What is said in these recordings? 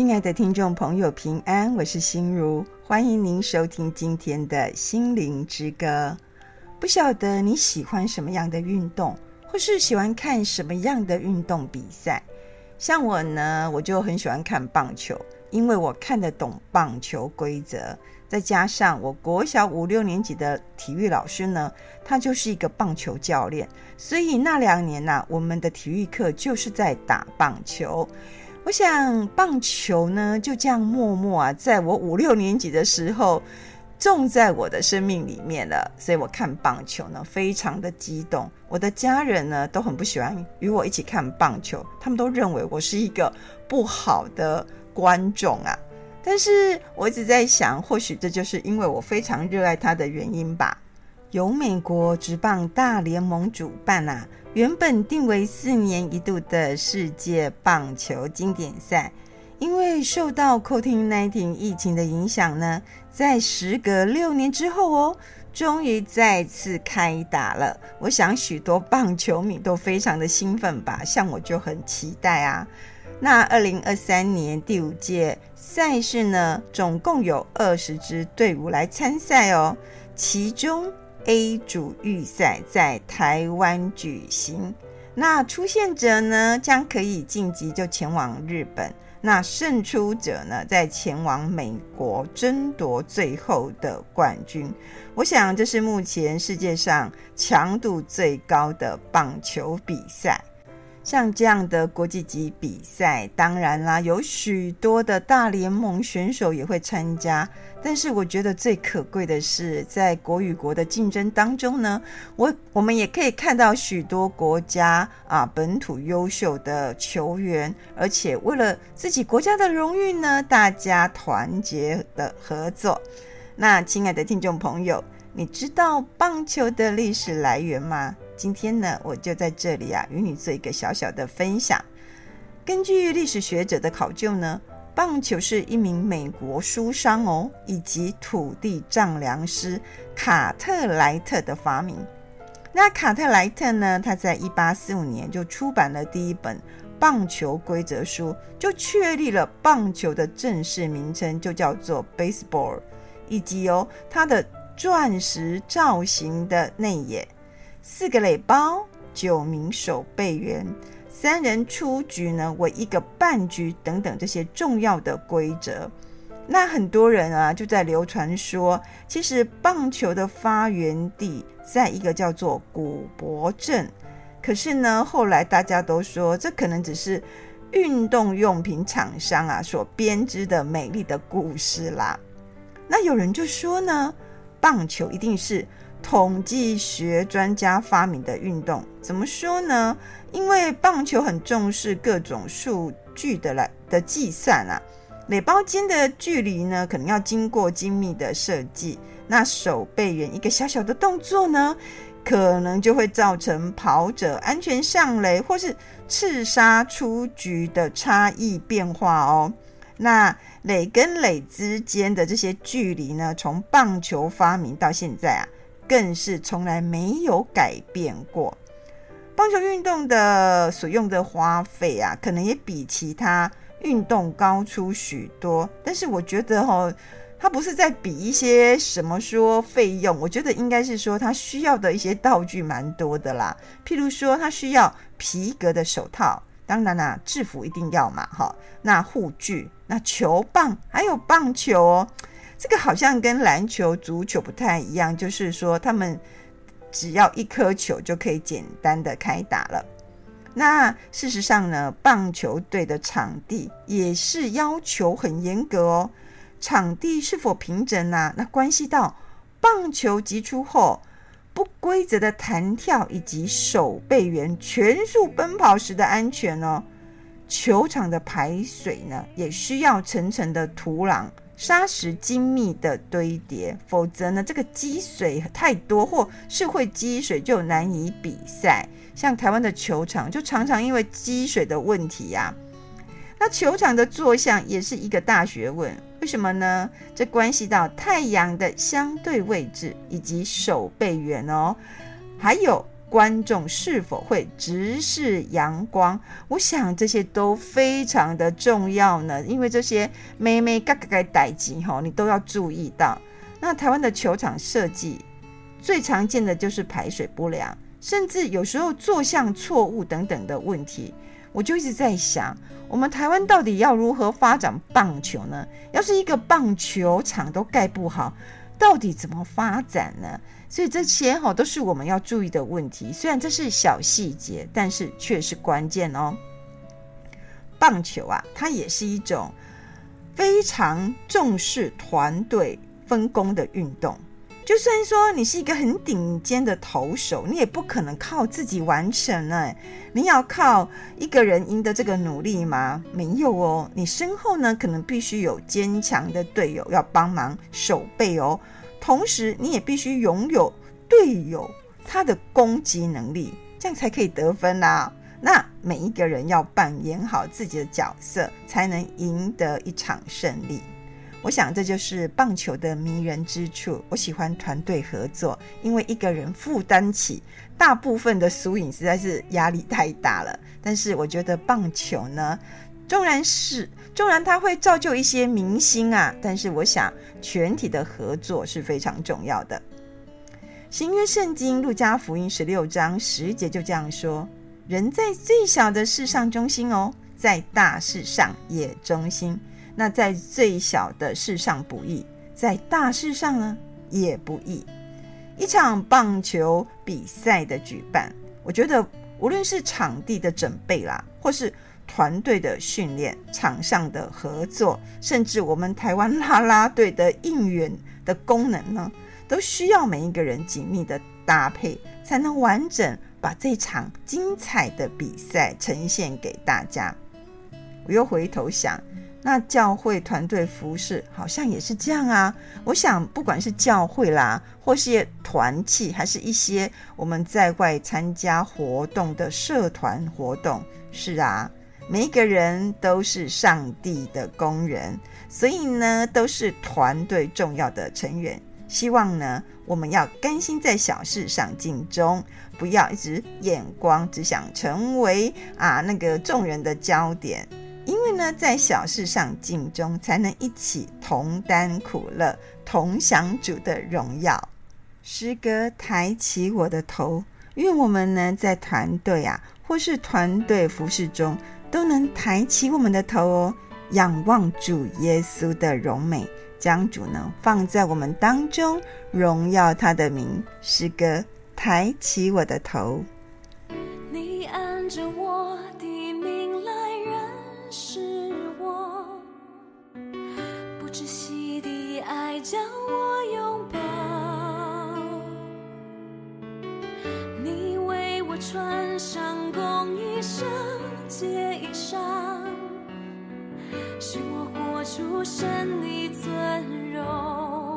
親愛的聽眾朋友，平安，我是心如，歡迎您收聽今天的心靈之歌。不曉得你喜歡什麼樣的運動，或是喜歡看什麼樣的運動比賽？像我呢，我就很喜歡看棒球，因為我看得懂棒球規則，再加上我國小五六年級的體育老師呢，他就是一個棒球教練，所以那兩年呢、啊，我們的體育課就是在打棒球。我想棒球呢，就這樣默默啊，在我五六年級的時候種在我的生命裡面了。所以我看棒球呢，非常的激動。我的家人呢，都很不喜歡與我一起看棒球，他們都認為我是一個不好的觀眾啊。但是我一直在想，或許這就是因為我非常熱愛它的原因吧。由美國職棒大聯盟主辦啊。原本定為四年一度的世界棒球經典賽，因為受到 COVID-19 疫情的影響呢，在時隔六年之後哦，終於再次開打了。我想許多棒球迷都非常的興奮吧，像我就很期待啊。那二零二三年第五屆賽事呢，總共有二十支隊伍來參賽哦，其中。A 組預賽在台灣舉行，那出線者呢，將可以晉級，就前往日本。那勝出者呢，再前往美國爭奪最後的冠軍。我想這是目前世界上強度最高的棒球比賽。像這樣的國際級比賽，當然啦，有許多的大聯盟選手也會參加。但是，我覺得最可貴的是，在國與國的競爭當中呢，我我們也可以看到許多國家啊本土優秀的球員，而且為了自己國家的榮譽呢，大家團結的合作。那，親愛的聽眾朋友，你知道棒球的歷史來源嗎？今天呢，我就在這裡啊，與你做一個小小的分享。根據歷史學者的考究呢，棒球是一名美國書商哦，以及土地丈量師卡特萊特的發明。那卡特萊特呢，他在一八四五年就出版了第一本棒球規則書，就確立了棒球的正式名稱，就叫做 baseball，以及由、哦、它的鑽石造型的內野。四個壘包，九名守備員，三人出局呢，為一個半局等等這些重要的規則。那很多人啊就在流傳說，其實棒球的發源地在一個叫做古博鎮。可是呢，後來大家都說這可能只是運動用品廠商啊所編織的美麗的故事啦。那有人就說呢，棒球一定是統計學專家發明的運動，怎麼說呢？因為棒球很重視各種數據的來的計算啊，壘包間的距離呢，可能要經過精密的設計。那守備員一個小小的動作呢，可能就會造成跑者安全上壘，或是刺殺出局的差異變化哦。那壘跟壘之間的這些距離呢，從棒球發明到現在啊。更是從來沒有改變過。棒球運動的所用的花費啊，可能也比其他運動高出許多。但是我覺得哈、哦，它不是在比一些什麼說費用，我覺得應該是說它需要的一些道具蠻多的啦。譬如說，它需要皮革的手套，當然啦、啊，製服一定要嘛，哈，那護具、那球棒，還有棒球哦。這個好像跟籃球、足球不太一樣，就是說他們只要一顆球就可以簡單的開打了。那事實上呢，棒球隊的場地也是要求很嚴格哦。場地是否平整啊？那關係到棒球擊出後不規則的彈跳以及守備員全速奔跑時的安全哦。球場的排水呢，也需要層層的土壤。砂石精密的堆疊，否則呢，這個積水太多或是會積水，就難以比賽。像台灣的球場就常常因為積水的問題呀、啊。那球場的坐向也是一個大學問，為什麼呢？這關係到太陽的相對位置以及守備員哦，還有。觀眾是否會直視陽光？我想這些都非常的重要呢，因為這些眉眉角角代誌齁，你都要注意到。那台灣的球場設計最常見的就是排水不良，甚至有時候坐向錯誤等等的問題。我就一直在想，我們台灣到底要如何發展棒球呢？要是一個棒球場都蓋不好。到底怎麼發展呢？所以這些哈都是我們要注意的問題。雖然這是小細節，但是卻是關鍵哦。棒球啊，它也是一種非常重視團隊分工的運動。就算說你是一個很頂尖的投手，你也不可能靠自己完成欸，你要靠一個人贏得這個努力嗎？沒有哦，你身後呢，可能必須有堅強的隊友要幫忙守備哦，同時你也必須擁有隊友他的攻擊能力，這樣才可以得分啦。那每一個人要扮演好自己的角色，才能贏得一場勝利。我想這就是棒球的迷人之處。我喜歡團隊合作，因為一個人負擔起大部分的輸贏實在是壓力太大了。但是我覺得棒球呢，縱然是縱然它會造就一些明星啊，但是我想全體的合作是非常重要的。新約聖經路加福音十六章十節就這樣說：“人在最小的事上忠心，哦，在大事上也忠心。”那在最小的事上不易，在大事上呢也不易。一場棒球比賽的舉辦，我覺得無論是場地的準備啦，或是團隊的訓練、場上的合作，甚至我們台灣啦啦隊的應援的功能呢，都需要每一個人緊密的搭配，才能完整把這場精彩的比賽呈現給大家。我又回頭想，那教會團隊服事好像也是這樣啊！我想，不管是教會啦，或是團契，還是一些我們在外參加活動的社團活動，是啊，每一個人都是上帝的工人，所以呢，都是團隊重要的成員。希望呢，我們要甘心在小事上盡忠，不要一直眼光只想成為啊那個眾人的焦點。那在小事上盡忠，才能一起同擔苦樂，同享主的榮耀。詩歌，抬起我的頭，願我們呢，在團隊啊，或是團隊服事中，都能抬起我們的頭哦，仰望主耶穌的榮美，將主呢放在我們當中，榮耀他的名。詩歌，抬起我的頭。你按着我，將我擁抱，你為我穿上公義衣裳，聖潔衣裳，使我活出神的尊榮。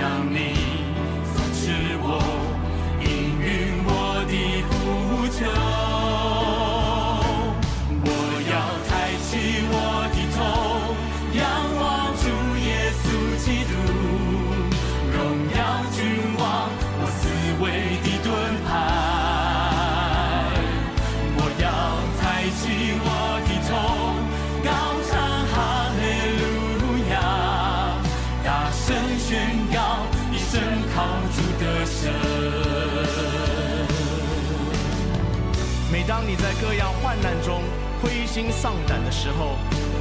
像你扶持我。心喪膽的時候，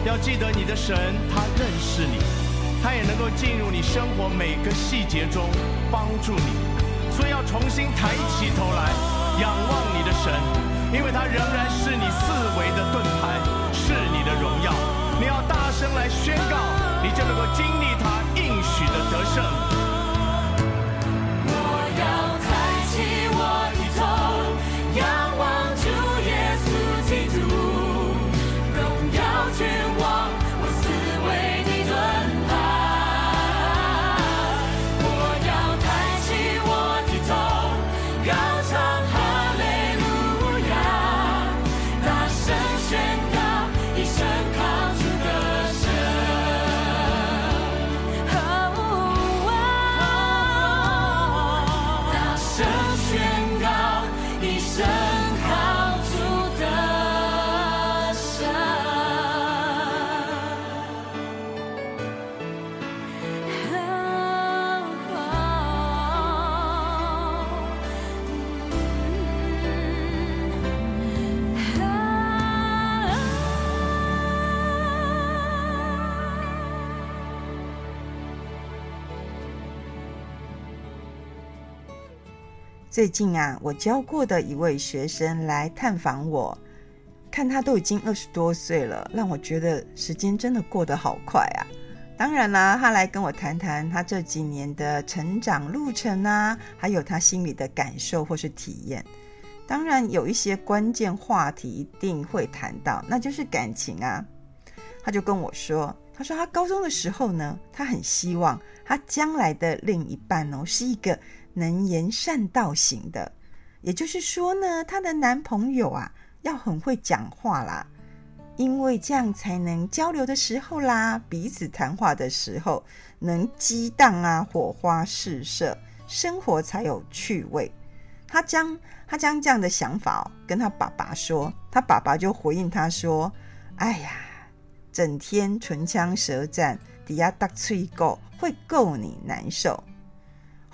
要記得你的神，他認識你，他也能夠進入你生活每個細節中，幫助你。所以要重新抬起頭來，仰望你的神，因為他仍然是你四圍的盾牌，是你的榮耀。你要大聲來宣告，你就能夠經歷他應許的得勝。最近啊，我教過的一位學生來探訪我，看他都已經二十多歲了，讓我覺得時間真的過得好快啊。當然啦、啊，他來跟我談談他這幾年的成長路程啊，還有他心裡的感受或是體驗。當然有一些關鍵話題一定會談到，那就是感情啊。他就跟我說，他說他高中的時候呢，他很希望他將來的另一半哦是一個。能言善道型的，也就是說呢，她的男朋友啊要很會講話啦，因為這樣才能交流的時候啦，彼此談話的時候能激盪啊，火花四射，生活才有趣味。她將她將這樣的想法、哦、跟她爸爸說，她爸爸就回應她說：“哎呀，整天唇槍舌戰，底下打吹個，會夠你難受。”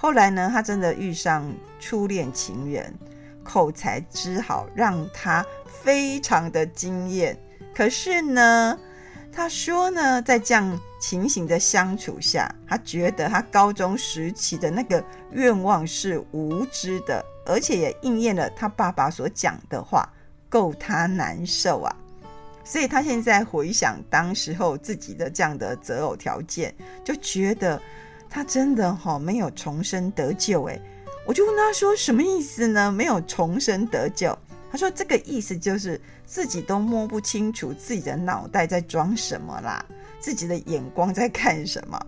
後來呢，他真的遇上初戀情人，口才之好，讓他非常的驚艷。可是呢，他說呢，在這樣情形的相處下，他覺得他高中時期的那個願望是無知的，而且也應驗了他爸爸所講的話，夠他難受啊。所以他現在回想當時候自己的這樣的擇偶條件，就覺得。他真的哈、哦、沒有重生得救哎，我就問他說什麼意思呢？沒有重生得救，他說這個意思就是自己都摸不清楚自己的腦袋在裝什麼啦，自己的眼光在看什麼。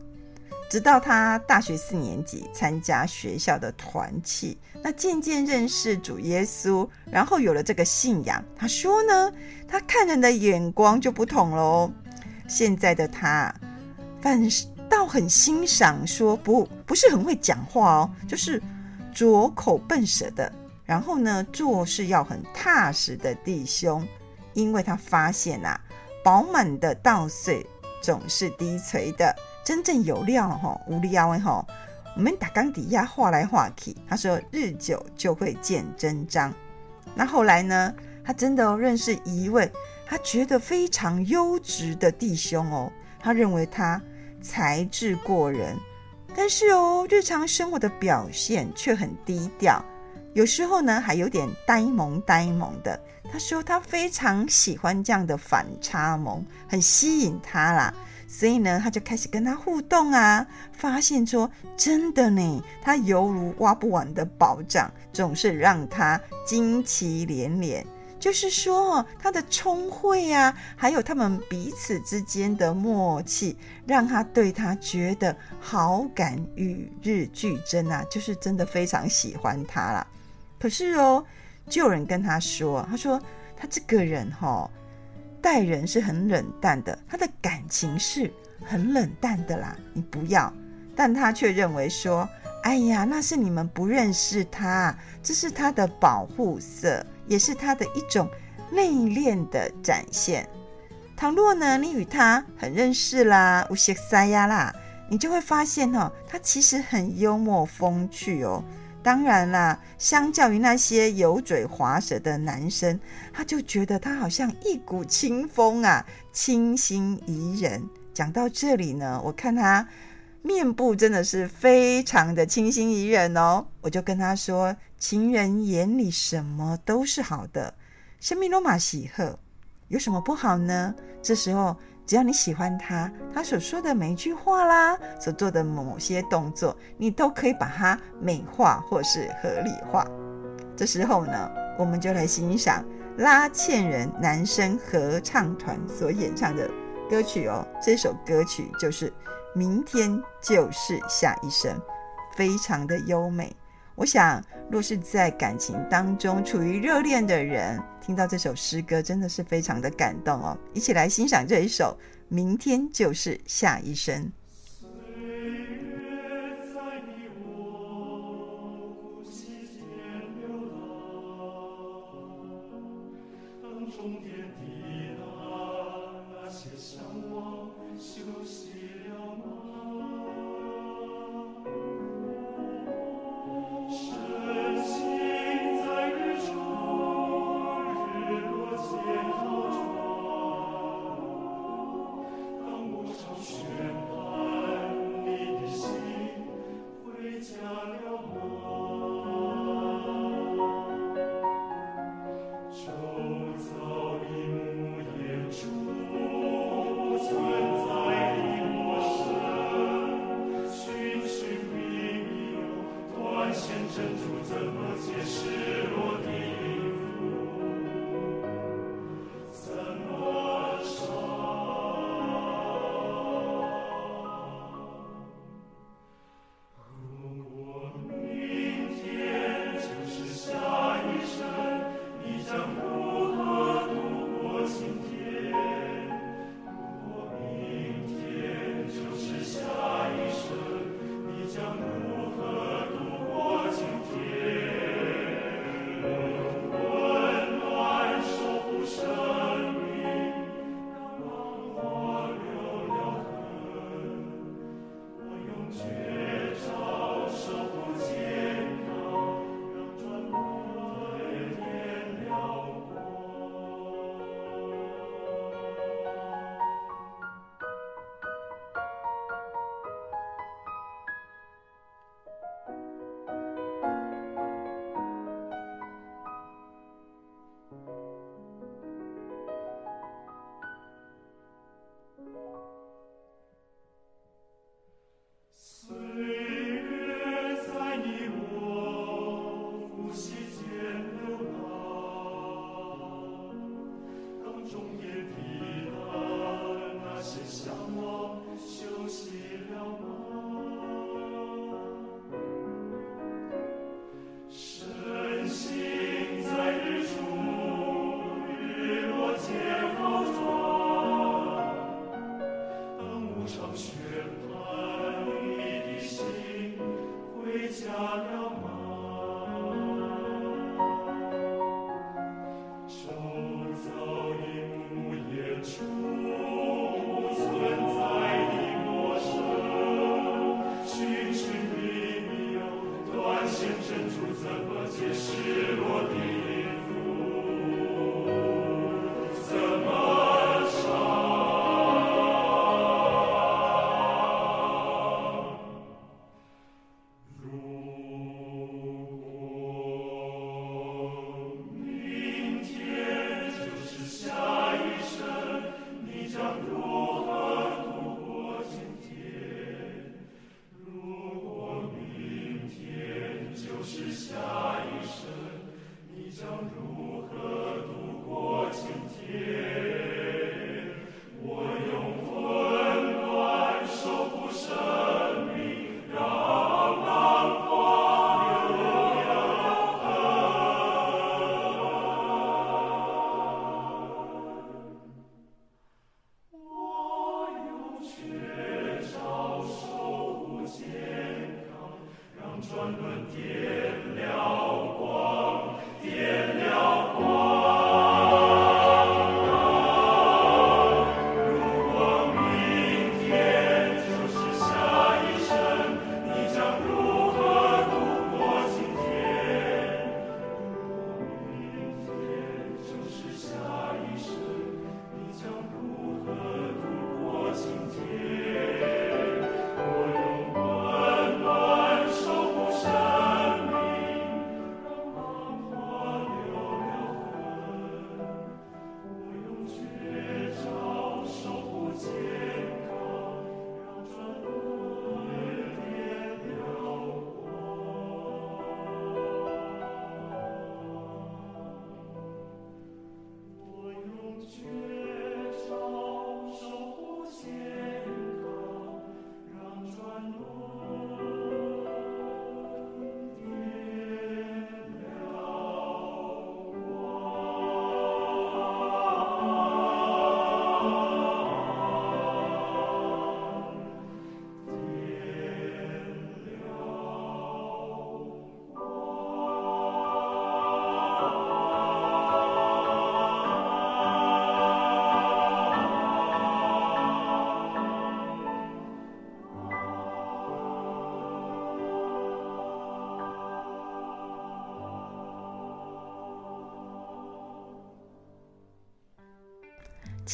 直到他大學四年級參加學校的團契，那漸漸認識主耶穌，然後有了這個信仰。他說呢，他看人的眼光就不同嘍。現在的他，凡事。倒很欣賞說不不是很會講話哦，就是拙口笨舌的，然後呢，做事要很踏實的弟兄，因為他發現吶、啊，飽滿的稻穗總是低垂的，真正有料吼，無力阿吼，我們打缸底下畫來畫去，他說日久就會見真章。那後來呢，他真的、哦、認識一位他覺得非常優質的弟兄哦，他認為他。才智過人，但是哦，日常生活的表現卻很低調，有時候呢還有點呆萌呆萌的。他說他非常喜歡這樣的反差萌，很吸引他啦，所以呢他就開始跟他互動啊，發現說真的呢，他猶如挖不完的寶藏，總是讓他驚奇連連。就是說，他的聰慧呀、啊，還有他們彼此之間的默契，讓他對他覺得好感與日俱增啊，就是真的非常喜歡他啦。可是哦，就有人跟他說，他說他這個人哈、哦，待人是很冷淡的，他的感情是很冷淡的啦，你不要。但他卻認為說，哎呀，那是你們不認識他，這是他的保護色。也是他的一種內斂的展現。倘若呢，你與他很認識啦，烏西塞呀啦，你就會發現哦，他其實很幽默風趣哦。當然啦，相較於那些油嘴滑舌的男生，他就覺得他好像一股清風啊，清新宜人。講到這裡呢，我看他。面部真的是非常的清新怡人哦！我就跟他說：“情人眼裡什麼都是好的，生命羅馬喜賀有什麼不好呢？”這時候只要你喜歡他，他所說的每一句話啦，所做的某些動作，你都可以把它美化或是合理化。這時候呢，我們就來欣賞拉縴人男聲合唱團所演唱的歌曲哦。這首歌曲就是。明天就是下一生，非常的優美。我想，若是在感情當中處於熱戀的人，聽到這首詩歌，真的是非常的感動哦。一起來欣賞這一首《明天就是下一生》。歲月在你我之間流浪，當終點抵達那些小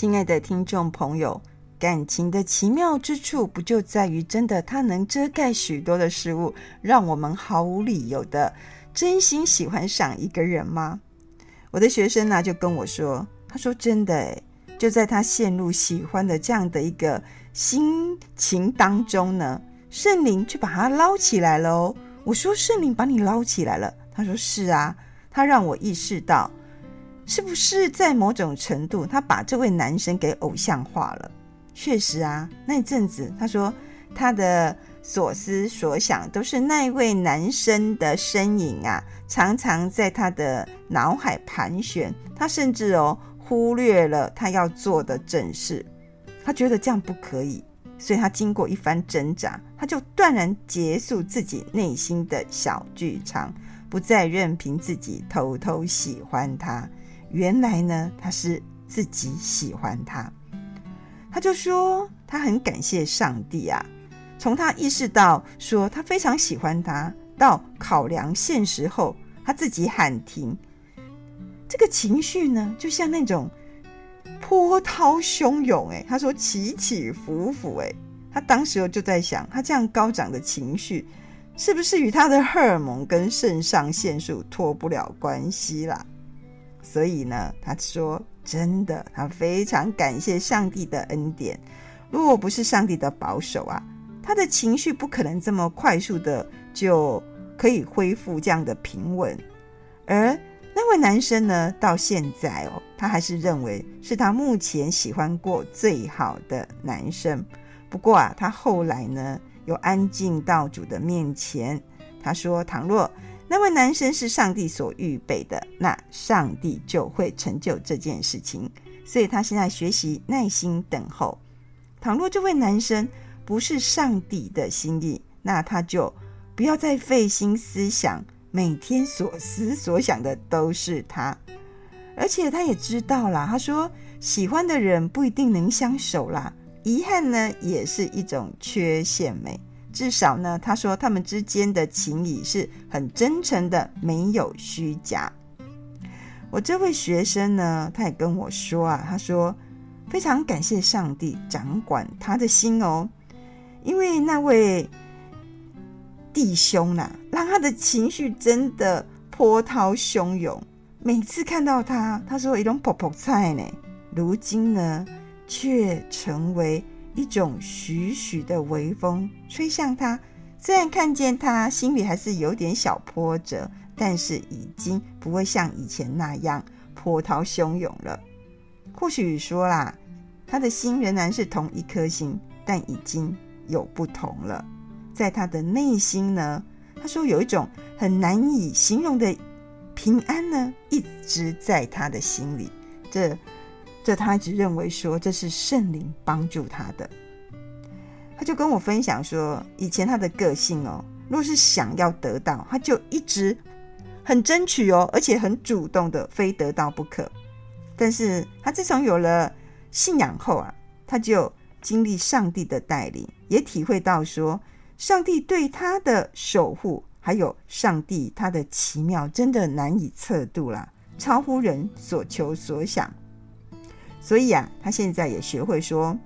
親愛的聽眾朋友，感情的奇妙之處，不就在於真的，它能遮蓋許多的事物，讓我們毫無理由的真心喜歡上一個人嗎？我的學生呢，就跟我說，他說真的，哎，就在他陷入喜歡的這樣的一個心情當中呢，聖靈就把他撈起來了哦。我說聖靈把你撈起來了，他說是啊，他讓我意識到。是不是在某種程度，他把這位男生給偶像化了？確實啊，那一陣子他說他的所思所想都是那位男生的身影啊，常常在他的腦海盤旋。他甚至哦忽略了他要做的正事，他覺得這樣不可以，所以他經過一番掙扎，他就斷然結束自己內心的小劇場，不再任憑自己偷偷喜歡他。原來呢，他是自己喜歡他，他就說他很感謝上帝啊。從他意識到說他非常喜歡他，到考量現實後，他自己喊停。這個情緒呢，就像那種波濤洶湧誒，他說起起伏伏誒。他當時就在想，他這樣高漲的情緒，是不是與他的荷爾蒙跟腎上腺素脫不了關係啦？所以呢，他說真的，他非常感謝上帝的恩典。如果不是上帝的保守啊，他的情緒不可能這麼快速的就可以恢復這樣的平穩。而那位男生呢，到現在哦，他還是認為是他目前喜歡過最好的男生。不過啊，他後來呢，又安靜到主的面前，他說：倘若。那位男生是上帝所預備的，那上帝就會成就這件事情。所以他現在學習耐心等候。倘若這位男生不是上帝的心意，那他就不要再費心思想，每天所思所想的都是他。而且他也知道啦，他說喜歡的人不一定能相守啦，遺憾呢也是一種缺陷美。至少呢，他說他們之間的情誼是很真誠的，沒有虛假。我這位學生呢，他也跟我說啊，他說非常感謝上帝掌管他的心哦，因為那位弟兄呢、啊，讓他的情緒真的波濤洶湧。每次看到他，他說一種婆婆菜呢，如今呢卻成為。一種徐徐的微風吹向他，雖然看見他心裡還是有點小波折，但是已經不會像以前那樣波濤洶湧了。或許說啦，他的心仍然是同一顆心，但已經有不同了。在他的內心呢，他說有一種很難以形容的平安呢，一直在他的心裡。這。這他一直認為說，這是聖靈幫助他的，他就跟我分享說，以前他的個性哦，若是想要得到，他就一直很爭取哦，而且很主動的，非得到不可。但是他自從有了信仰後啊，他就經歷上帝的帶領，也體會到說，上帝對他的守護，還有上帝他的奇妙，真的難以測度啦，超乎人所求所想。所以啊，他現在也學會說：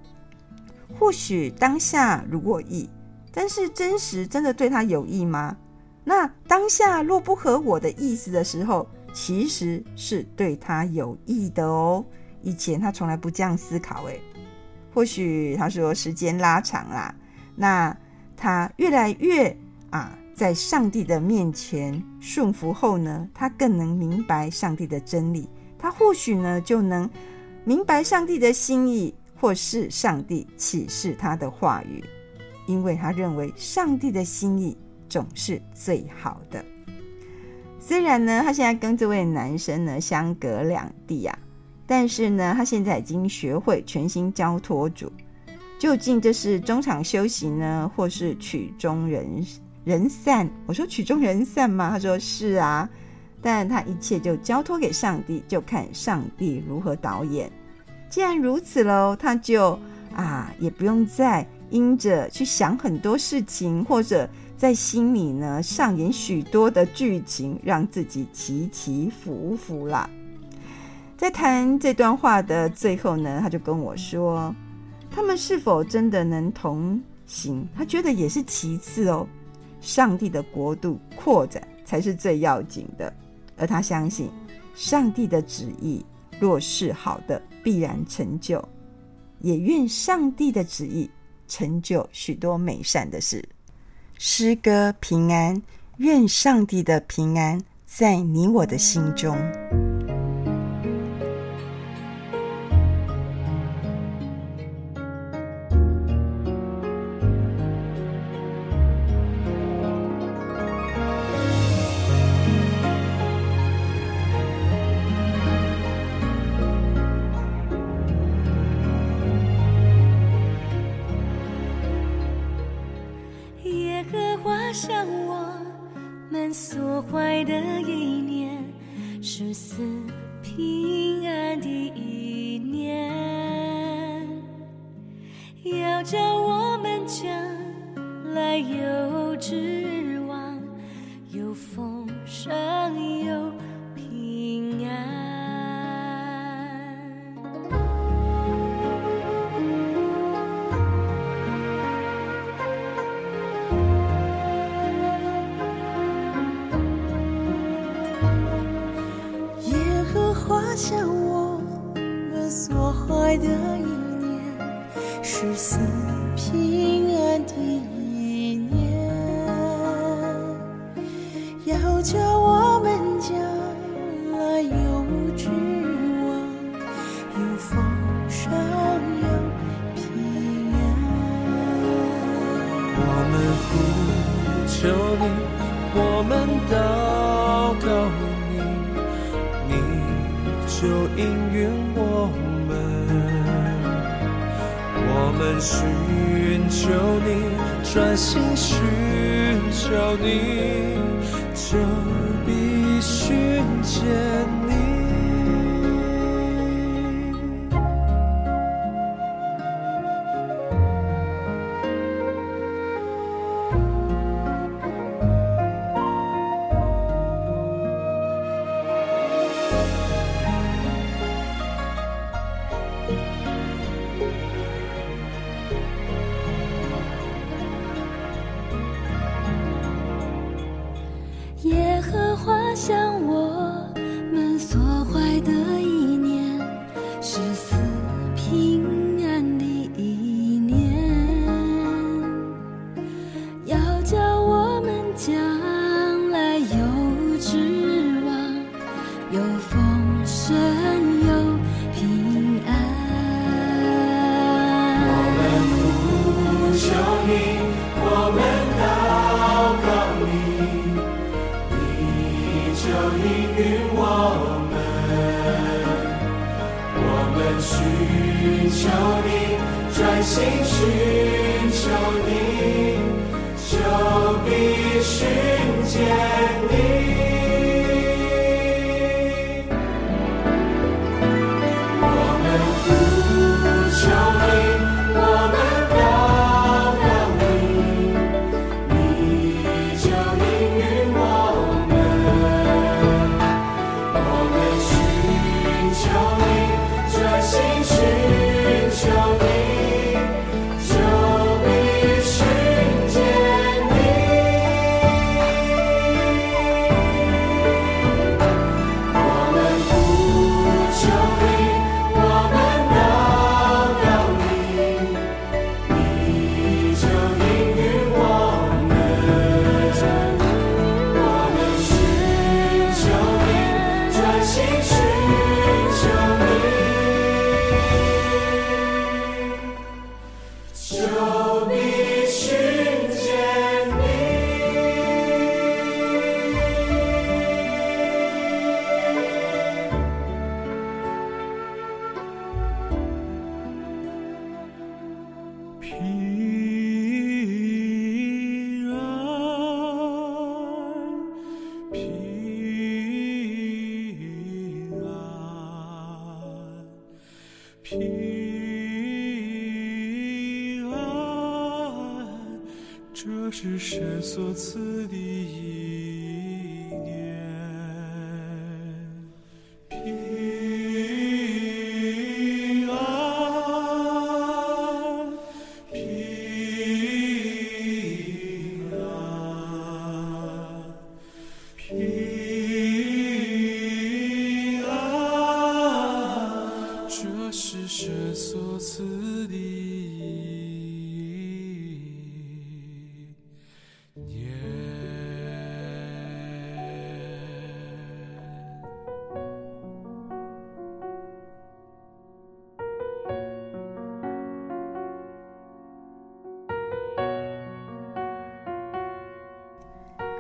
或許當下如果意，但是真實真的對他有益嗎？那當下若不合我的意思的時候，其實是對他有益的哦。以前他從來不這樣思考誒，或許他說時間拉長啦，那他越來越啊，在上帝的面前順服後呢，他更能明白上帝的真理。他或許呢，就能。明白上帝的心意，或是上帝啟示他的話語，因為他認為上帝的心意總是最好的。雖然呢，他現在跟這位男生呢相隔兩地啊，但是呢，他現在已經學會全心交托主。究竟，這是中場休息呢，或是曲終人，人散？我說曲終人散嗎？他說是啊。但他一切就交託給上帝，就看上帝如何導演。既然如此嘍，他就啊也不用再因着去想很多事情，或者在心裡呢上演許多的劇情，讓自己起起伏伏啦。在談這段話的最後呢，他就跟我說，他們是否真的能同行？他覺得也是其次哦，上帝的國度擴展才是最要緊的。而他相信，上帝的旨意若是好的，必然成就；也願上帝的旨意成就許多美善的事。詩歌平安，願上帝的平安在你我的心中。求你，我們禱告你，你就應允我們。我們尋求你，專心尋求你，就必尋見你。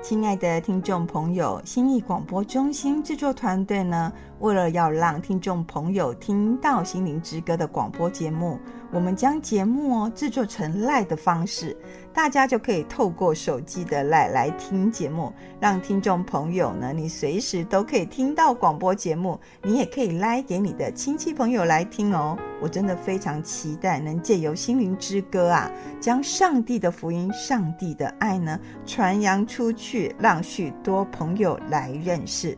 親愛的聽眾朋友，信義廣播中心製作團隊呢，為了要讓聽眾朋友聽到《心靈之歌》的廣播節目，我們將節目、哦、製作成 LINE 的方式，大家就可以透過手機的 LINE 來聽節目。讓聽眾朋友呢，你隨時都可以聽到廣播節目，你也可以 LINE 給你的親戚朋友來聽哦。我真的非常期待能借由《心靈之歌》啊，將上帝的福音、上帝的愛呢，傳揚出去，讓許多朋友來認識。